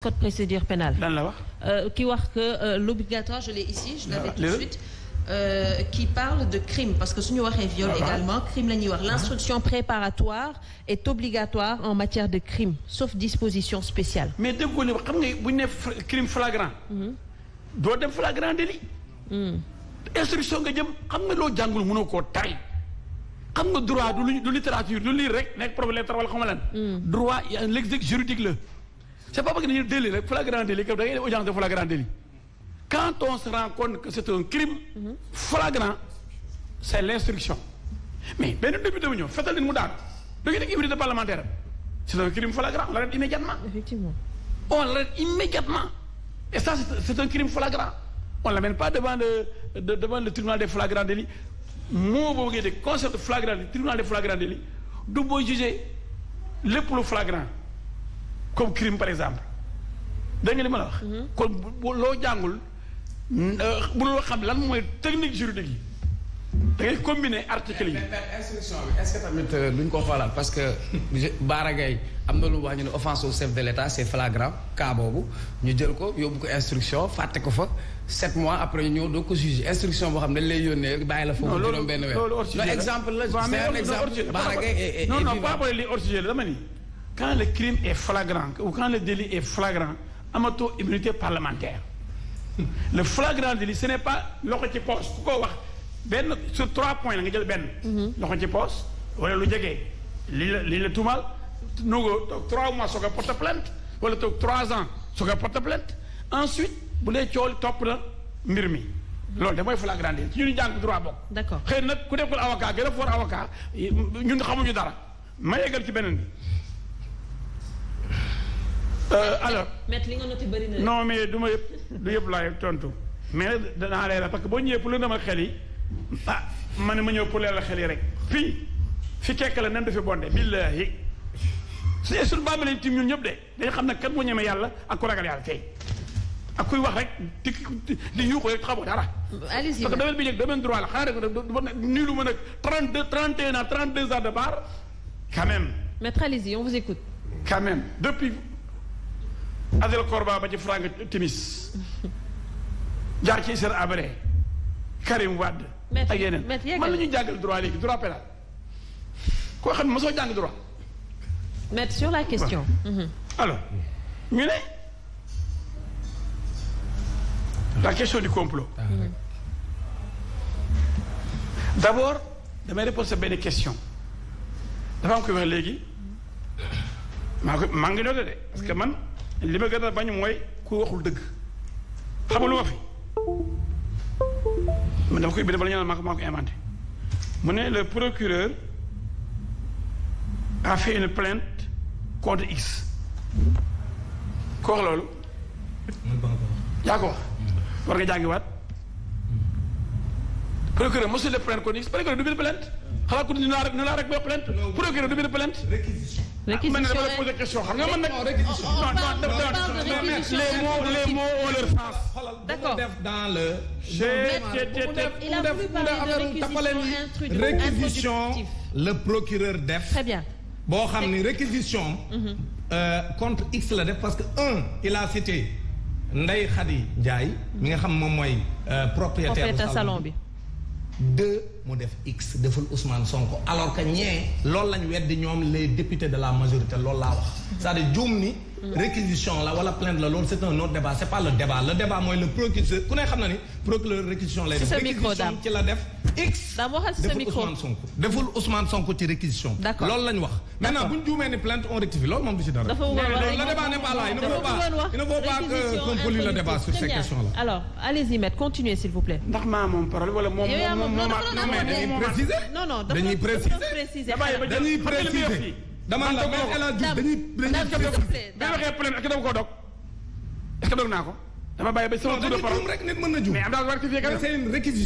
code procédure pénale. lan la wax. qui euh, wax que euh, l'obligatoire je l'ai ici je l'avais ah, tout de suite. Euh, qui parle de crime parce que suñu waxee viol ah, ah. également crime la ñuy wax l'instruction préparatoire est obligatoire en matière de crime sauf disposition spéciale. mais déggoo ne xam nga bu ñu nee crime flagrant. Mhm. doo dem flagrant délit. Hmm. instruction nga jëm xam nga loo jàngul mënoo koo tari. xam nga droit du littérature du lire rek nekk problème tarawal xam nga lan. Hmm. droit l'exercice la. c'est pas parce que dañuy délit rek flagrant délit que on se rend c'est un crime flagrant c'est l'instruction mais benn député bu ñëw fetal nit mu daan da ngay dégg immunité parlementaire c'est un crime flagrant on l'arrête immédiatement et c'est un crime flagrant on l'amène pas devant de, devant le tribunal des flagrants délits moo boobu ngay dégg concept flagrant tribunal des flagrants délits du booy juger lépp lu flagrant comme crime par exemple dégg nga li ma la wax. Mhm. kon loo jàngul mënuloo euh, xam lan mooy technique juridique yi. da ngay combiner article yi. mais mais instruction bi est que euh, duñ ko xoolaat parce que Baara am na lu wax ñu ne offense au de l'État c'est flagrant cas boobu ñu jël ko yóbbu ko instruction fàtte ko fa sept mois après ñu doo ko juge instruction boo xam ne dañ lay yónnee bàyyi la foofu juróom benn weer. loolu exemple la c'est un exemple Baara Gaye non non pas li la dama ni. quand le crime est flagrant ou quand le délit est flagrant amatoo immunité parlementaire le flagrant délit ce n'est pas loxo ci poos ku ko wax benn sur trois points la nga jël benn mhm. loxo ci poos wala lu jege li la li la tuumal nugoo toog trois mois soo ko porte plainte wala trois ans soo ko porte plainte ensuite bu dee cool topp na mbir mi loolu de mooy flagrant délit ci ñu jàng droit bokk d'accord xëy nag ku nekkul avocat gën a foor avocat ñun xamuñu dara ma yeggal ci beneen Euh, alors maître li nga noté bëri na non mais du ma yëpp du yëpp laay tontu mais danaa leeral parce que boo ñëwee pour la dama xel yi ah ma ne ma ñëw pour leeral xel yi rek fi fi kekk la nan dafi bonde billaahi su dee suñu bàmmeel yi tim ñun ñëpp de dañ xam ne kat moo ñeme yàlla ak ku ragal yàlla tey ak kuy wax rek di di yuuxu rek xamoo dara. allez-y parce que domaine bi njëkk domaine droit la xaaral ko nii lu ma nag trente deux trente et un ans trente deux ans de barre quand même. maître allez-y vous écoute. quand Adel Korba ba ci Frank Timis jaar ci Hissène Habré Karim Wade. ak yeneen man la ñuy jàngal droit léegi droit pénal koo xam ne mosoo jàng droit. maître sur la question. Mhm. alors ñu ne la question du complot. Ah, d' mhm. abord damay répondre benn question dafa am koy wax léegi mhm. maa ko maa ngi noté de parce que man. li ma gën bañ mooy ku waxul dëgg xamul fi mu ne le procureur a fait une plainte contre X ko wax loolu yaa ko wax war nga jàngiwaat procureur mosul le plainte contre X procureur du bind plainte xalaat ko ni laa rek ni laa rek boo plainte procureur du bind plainte réquisition ah, man dama la poser question xam nga réquisition non non les mots les mots ont leur sens. d'accord def dans le. il a voulu parler de réquisition le procureur def. très bien. boo xam ni réquisition. Mhm. Euh, contre X la def parce que un il a cité Ndeye Khady Ndiaye. mi nga xam moom mooy euh, propriétaire salon bi. deux mu def x deful Ousmane Sonko alors que ñee loolu lañ weddi ñoom le députés de la majorité lool laa wax c'est-à-dire ni réquisition la wala plainte la loolu c'est un autre débat c'est pas le débat le débat mooy le procureur ku ne xam na ni procureur réquisition lay def réquisition ci la def x. daa waxal ci sa micro deful Ousmane Sonko deful Ousmane réquisition. d'accord loolu wax. maintenant bu ñu ni plainte on rectifie loolu moom du ci dara. dafa bëggoon wax la débat ne faut pas il ne faut pas euh, qu'on pollue le débat sur ces questions là. allez-y maître continuez s'il vous plaît. ndax maa moom parole wala moom moom moom dañuy préciser. non non dañuy préciser préciser. dama la même El Hadj préciser. bi waxee plainte est-ce que dama ko dog est-ce que dog naa ko. dama ba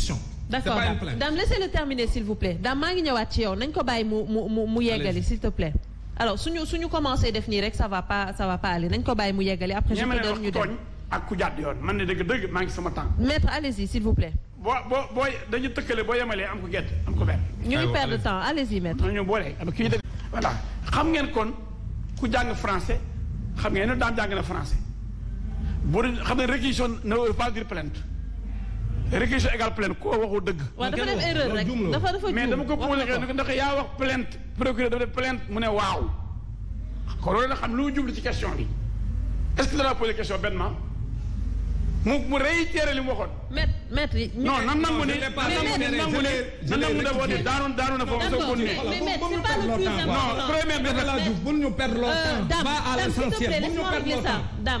sama d'accord Dame laissez-le terminer s'il vous plaît Dame maa ngi ñëwaat ci nañ ko bàyyi mu mu mu mu yeggali s'il te plaît alors suñu suñu commencé def nii rek ça va pas ça va pas aller nañ ko bàyyi mu yeggali après je te donne ñu dem ak ku jàdd yoon man ne dëgg dëgg maa ngi sama temps. maître allez s'il vous boo boo boo dañu tëkkale boo yemalee am ko gedd am ko benn. ñu ngi perdre temps allez-y maître. ñu boole am ah, kii dëgg. voilà xam ngeen kon ku jàng français xam ngeen ne daam jàng na français boo xam ne réquisition ne veut pas dire plainte. réquisition égale plainte koo waxul dëgg. waaw dafa def erreur rek dafa dafa juum mais dama ko posé ndax yaa wax plainte procureur dafa def plainte mu ne waaw. kon loolu la lu mu ci question bi est-ce que dana posé question benn ma mu mu réitéré li mu waxoon. maître maître non nan nangu ne. nan nangu ne woon daanu daanu na foofu soo ko nee. mais mais c'est pas le plus important non premier maître. bu ñu perdre le euh, temps. pas à l'essentiel bu ñu perdre le temps.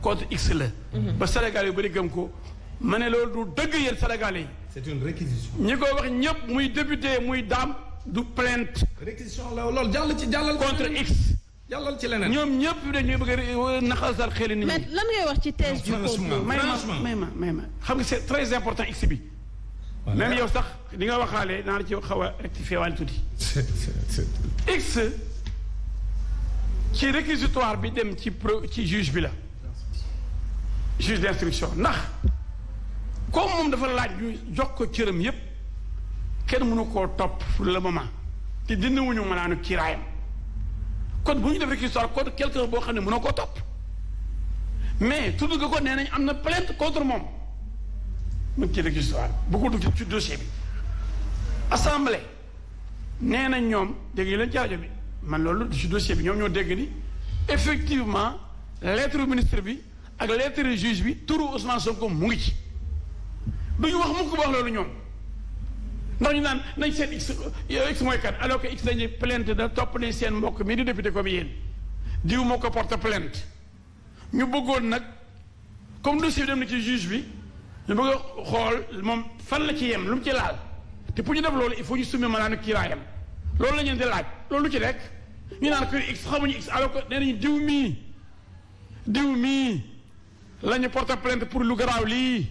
contre X la. ba Sénégal yu bëri gëm ko ma ne loolu du dëgg yéen Sénégalais yi. c'est une ñi ko wax ñëpp muy député muy daam du plainte. réquisition la loolu jàll ci jàllal. contre X. jàllal ci leneen ñoom ñëpp dañuy bëgg a naxal sar xel nit ñi. mais lan ngay wax ci thèse du complot may ma may ma xam nga c'est très important X bi. même yow sax li nga waxaale naa ci xaw a rectifié waale tuuti. X ci réquisitoire bi dem ci pro ci juge bi la. juge d'instruction ndax comme moom dafa laaj ñu jox ko cëram yépp kenn mënu koo topp pour le moment te dindiwuñu mënaanu kiraayam kon bu ñu def rek histoire contre quelqu'un boo xam ne mënoo koo topp mais tudd nga ko nee nañ am na plainte contre moom mu ngi ci rek histoire bu ko dugg ci dossier bi assemblée nee nañ ñoom dégg yi leen jaajo bi man loolu ci dossier bi ñoom ñoo dégg ni effectivement lettre ministre bi ak lettre juge bi turu Ousmane Sonko mu ngi ci duñu wax mukk ba wax loolu ñoom ndax ñu naan nañ seen x x mooy kat alors que x dañuy plainte da topp nañ seen mbokk mi di député comme yéen diw moo ko porte plainte ñu bëggoon nag comme dossier bi dem na ci juge bi ñu bëgg a xool moom fan la ci yem lum ci laal te pour ñu def loolu il faut ñu summi malaanu kiiraayam loolu la ñu di laaj loolu lu ci rek ñu naan ko x xamuñu x alors que nee nañu diw mii diw mii la ñu porte plainte pour lu garaaw lii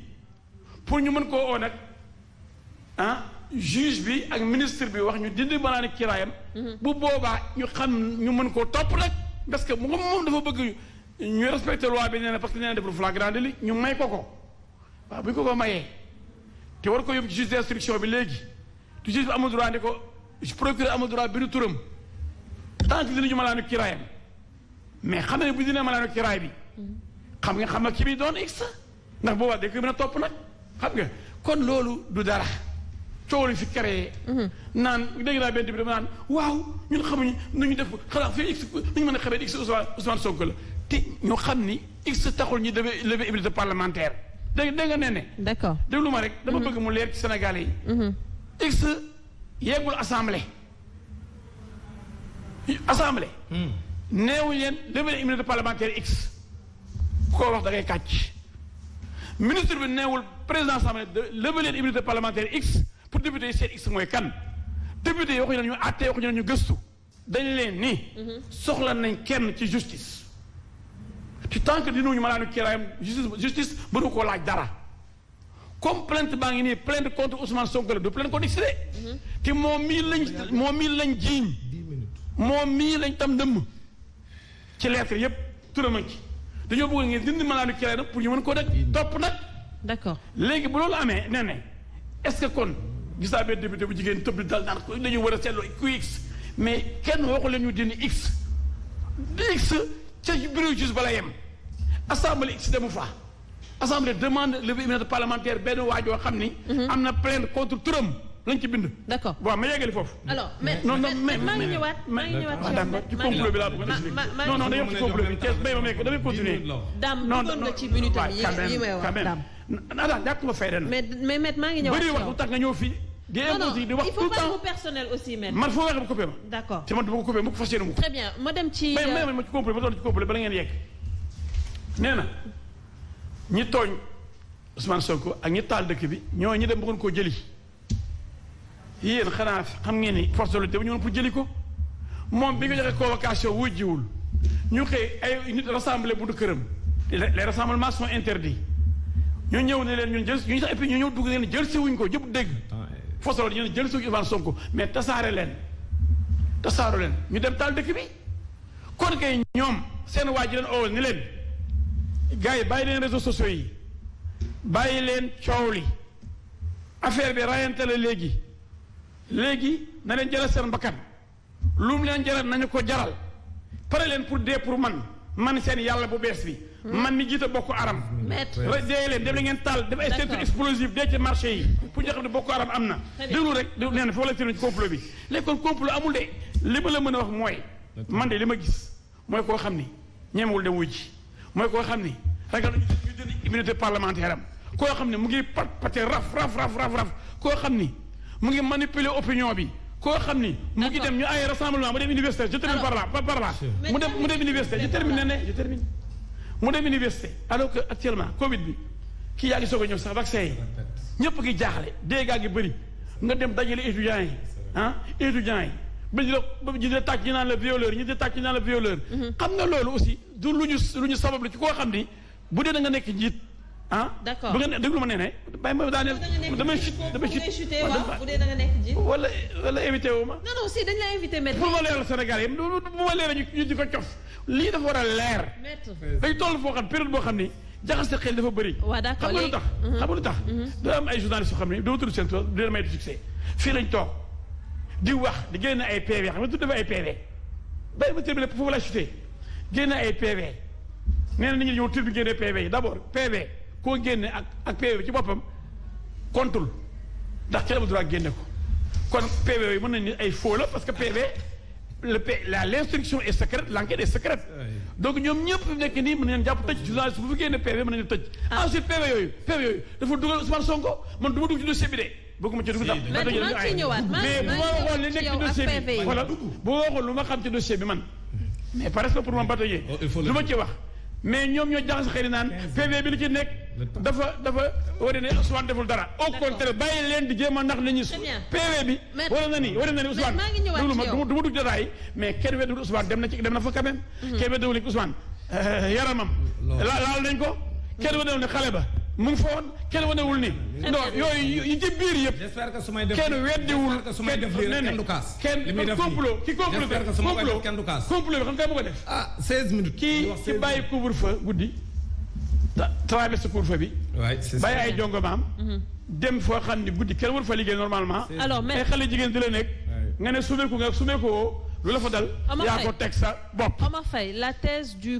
pour ñu mën koo oo nag ah juge bi ak ministre bi wax ñu dindi balaa ne kiraayam mhm. bu boobaa ñu xam ñu mën koo topp nag parce que moom moom dafa bëgg ñu respecté loi bi nee na parce que nee na def lu flagrant délit ñu may ko ko waaw bu ñu ko mayee te war ko yóbbu ci juge d'instruction bi léegi te juge droit ni ko procureur amul droit bi nu turam tant que dinañu malaanu kiraayam mais xam ne bu dina malaanu kiraay bi mhm. xam nga xam nga ki muy doon x ndax boobaa da ko na topp nag xam nga kon loolu du dara coow li fi créé. Mhm. naan dégg naa benn bi dama naan waaw ñun xamuñu nu ñu def xalaat fii nu ñu mën a xamee x Ousmane Ousmane Sonko la te ñu xam ni x taxul ñu demee levé immunité parlementaire dégg nga nee ne. d'accord déglu ma rek. dama mhm. bëgg mu leer ci Sénégalais yi. Mhm. x yeegul assemblée. assemblée. neewuñu leen levé immunité parlementaire x. bu wax da ngay kàcc ministre bi newul président assemblée de lever leen immunité parlementaire x pour député yi seen x mooy kan député yi waxuñu ne ñu àtte waxuñu ne ñu gëstu dañ leen nii soxla nañ kenn ci justice ci tant que dinuñu malaanu kiraayam justice justice mënu koo laaj dara comme plainte baa ngi nii plainte contre Ousmane Sonko la du plainte contre x de te moom mii lañ moo mii lañ jiiñ moo mii lañ tam dëmm ci lettre yépp turam ci dañoo bëgg ngeen dindi malaanu cere nag pour ñu mën koo nag topp nag. d'accord léegi bu loolu amee nee na est-ce que kon député bu jigéen tëb di dal naan ko dañu war a ku x mais kenn waxu leen ñu dindi x di x ca bureau juge bala yem assemblée x demu fa assemblée demande levée immunité parlementaire benn waajoo xam ni. Mhm. am na plainte contre turam. lañ ci bind. d'accord waaw ma yeggali foofu. alors mais mais maa ngi ñëwaat maa ngi ñëwaat ah, ci complot bi laa bëgg a expliquer non non dañoo ci complot damay continuer. daam bëggoon nga ci minute yi yi may wax daam. ko coupé ci. mais mais euh, ma doon ci complot bala ngeen yegg. nee ñi tooñ Ousmane Sonko ak ñi taal dëkk bi ñoo ñi dem bëggoon koo jëli yéen xanaa xam ngeen ni force de bu ñu woon pour jëli ko moom bi nga joxe convocation wujjiwul ñu xëy ay nit rassemblé buntu këram les rassemblements sont interdits ñu ñëw ne leen ñun jël ñu sax et ñu ñëw dugg ne leen jël si ko jëpp dégg force de ñu ne jël si wuñ Ousmane Sonko mais tasaare leen tasaaru leen ñu dem taal dëkk bi kon kay ñoom seen waa ji leen oo ni leen gars yi bàyyi leen réseaux sociaux yi bàyyi leen coow li affaire bi rayante la léegi léegi na leen jaral seen bakkan lu mu leen jaral nañu ko jaral pare leen pour dee pour man man seen yàlla bu bees bi. Hmm. man mi jiita bokk aram. rek dee leen dem la ngeen taal def ay ceinture explosive dee ci marché yi pour ñu xam ne bokku aram am na. déglu rek déglu nee na foofu la bi léegi kon complot amul de li ma la mën a wax mooy. man de li ma gis mooy koo xam ni ñemewul dem wuj ji mooy koo xam ni ragal ñu jënd immunité parlementaire am koo xam ni mu ngi pat pate raf raf raf raf raf koo xam ni. mu ngi manipuler opinion bi koo xam ni mu ngi dem ñu ay rassemblement mu dem université je termine par là par là mu dem mu dem université je termine ne ne je termine mu dem université alors que actuellement covid bi kii yaa ngi soog a ñëw sax vaccin yi ñëpp gi jaaxle dégâts gi bëri nga dem dajale étudiants yi ah étudiants yi ba ñu la ñu di tàcc ñu naan la violeur ñu di la violeur mm-hmm. xam nga loolu aussi du lu ñu lu ñu sabablu ci koo xam ni bu dee na nga nekk njiit ah d'accord bu ngeen ma nee ne bàyyi ma daaneel damay chute damay chute bu dee da nga nekk ji wala wala invité wu ma non non si la Sénégal yi bu ma leeral ñu ñu di ko cof lii dafa war a leer dañ toll foo xam période boo xam ni jaxase xel dafa bëri mhm. xam nga lu tax xam mhm. tax da am ay journalistes yoo xam ne dama tudd seen tur du leen may du succès fii di wax di génne ay PV xam nga tudd dafa ay PV bàyyi ma terminé foofu laa chute génne ay PV nee na nit ñi ñëw tur bi génne PV yi d'abord PV koo génne ak ak PV ci boppam kontul ndax ci la droit génne ko kon PV yooyu mën nañu ay faux la parce que PV P la l' instruction est secrète l' enquête est secrète donc ñoom ñëpp nekk nii mën nañu jàpp tëj journaliste bu fi génne PV mën nañu tëj. Ah. Ah, ensuite PV yooyu PV yooyu dafa dugal Ousmane Sonko man du dugg ci dossier bi de. bëgguma ci ci ñëwaat mais wala bu ma lu ma xam bi man mais par exemple pour man batailler oh, lu ma ci wax. mais ñoom ñoo jaxas xëy naan PV bi li ci nekk dafa dafa wari ne Ousmane deful dara au contraire bàyyi leen di jéem a nax nit bi wara na ni wari na ni Ousmane déglu ma du ma dugg mais kenn weddul Ousmane dem na ci dem na fa quand même mhm. kenn weddul Ousmane yaramam laal nañ ko kenn weddul ne xale ba mu ngi fa woon kenn wanewul ni non yooyu yi ci biir yëpp. j'espère que su def kenn weddiwul kenn du kaas. kenn complot ki complot complot complot bi xam nga mu ko def. ah 16 minutes. kii ki bàyyi couvre feu guddi. traversé couvre feu bi. waay bàyyi ay jongomaam. Mhm. dem foo xam ni guddi kenn waru fa liggéey normalement. alors mais ay xale jigéen di la nekk. nga ne sumeeku nga sumeeku woo lu la fa dal. yaa ko teg sa bopp. Omar